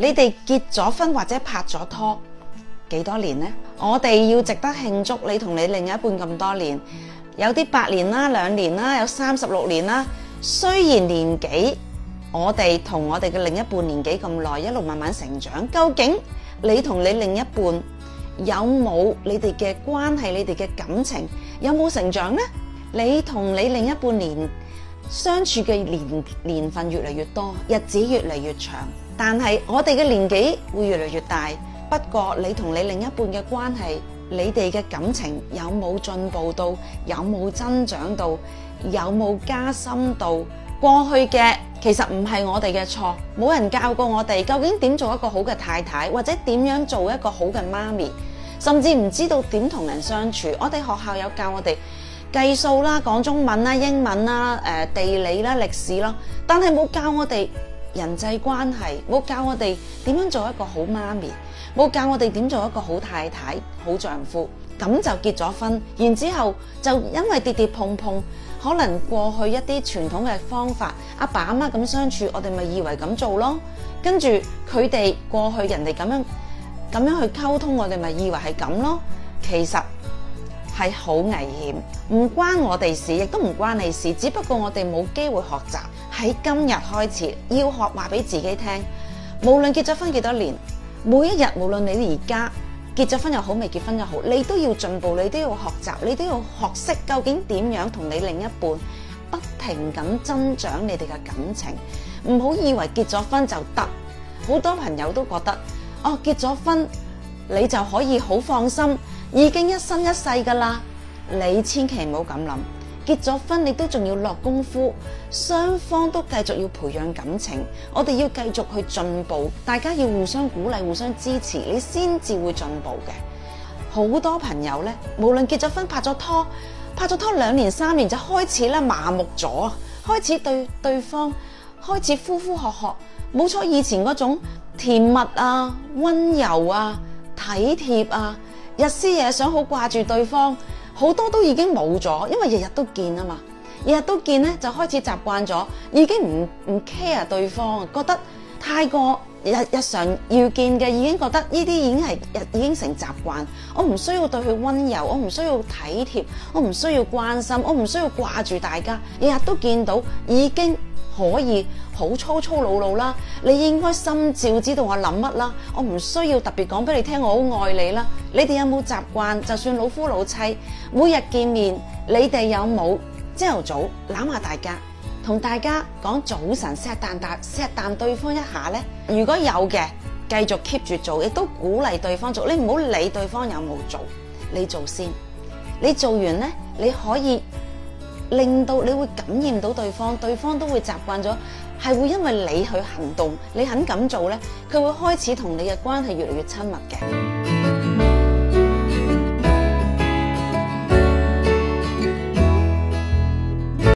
你哋結咗婚或者拍咗拖幾多年呢？我哋要值得慶祝你同你另一半咁多年，有啲八年啦、兩年啦，有三十六年啦。雖然年紀，我哋同我哋嘅另一半年紀咁耐，一路慢慢成長。究竟你同你另一半有冇你哋嘅關係？你哋嘅感情有冇成長呢？你同你另一半年相處嘅年年份越嚟越多，日子越嚟越長。但係我哋嘅年紀會越嚟越大，不過你同你另一半嘅關係，你哋嘅感情有冇進步到？有冇增長到？有冇加深到？過去嘅，其實唔係我哋嘅錯，冇人教過我哋究竟點做一個好嘅太太，或者點樣做一個好嘅媽咪，甚至唔知道點同人相處。我哋學校有教我哋計數啦、講中文啦、英文啦、誒地理啦、歷史啦，但係冇教我哋。人際關係冇教我哋點樣做一個好媽咪，冇教我哋點做一個好太太、好丈夫，咁就結咗婚，然之後就因為跌跌碰碰，可能過去一啲傳統嘅方法，阿爸阿媽咁相處，我哋咪以為咁做咯，跟住佢哋過去人哋咁樣咁樣去溝通，我哋咪以為係咁咯，其實係好危險，唔關我哋事，亦都唔關你事，只不過我哋冇機會學習。喺今日開始要學話俾自己聽，無論結咗婚幾多年，每一日無論你而家結咗婚又好，未結婚又好，你都要進步，你都要學習，你都要學識究竟點樣同你另一半不停咁增長你哋嘅感情。唔好以為結咗婚就得，好多朋友都覺得哦，結咗婚你就可以好放心，已經一生一世㗎喇，你千祈唔好咁諗。結咗婚，你都仲要落功夫，雙方都繼續要培養感情，我哋要繼續去進步，大家要互相鼓勵、互相支持，你先至會進步嘅。好多朋友咧，無論結咗婚、拍咗拖、拍咗拖兩年、三年就開始咧麻木咗，開始對對方開始呼呼喝喝。冇錯，以前嗰種甜蜜啊、温柔啊、體貼啊，日思夜想，好掛住對方。好多都已經冇咗，因為日日都見啊嘛，日日都見咧就開始習慣咗，已經唔唔 care 對方，覺得太過日日常要見嘅，已經覺得呢啲已經係日已經成習慣，我唔需要對佢溫柔，我唔需要體貼，我唔需要關心，我唔需要掛住大家，日日都見到已經可以。好粗粗魯魯啦，你應該心照知道我諗乜啦。我唔需要特別講俾你聽，我好愛你啦。你哋有冇習慣？就算老夫老妻每日見面，你哋有冇朝頭早攬下大家，同大家講早晨錫啖啖錫啖對方一下呢？如果有嘅，繼續 keep 住做，亦都鼓勵對方做。你唔好理對方有冇做，你做先。你做完呢，你可以令到你會感染到對方，對方都會習慣咗。係會因為你去行動，你肯咁做咧，佢會開始同你嘅關係越嚟越親密嘅。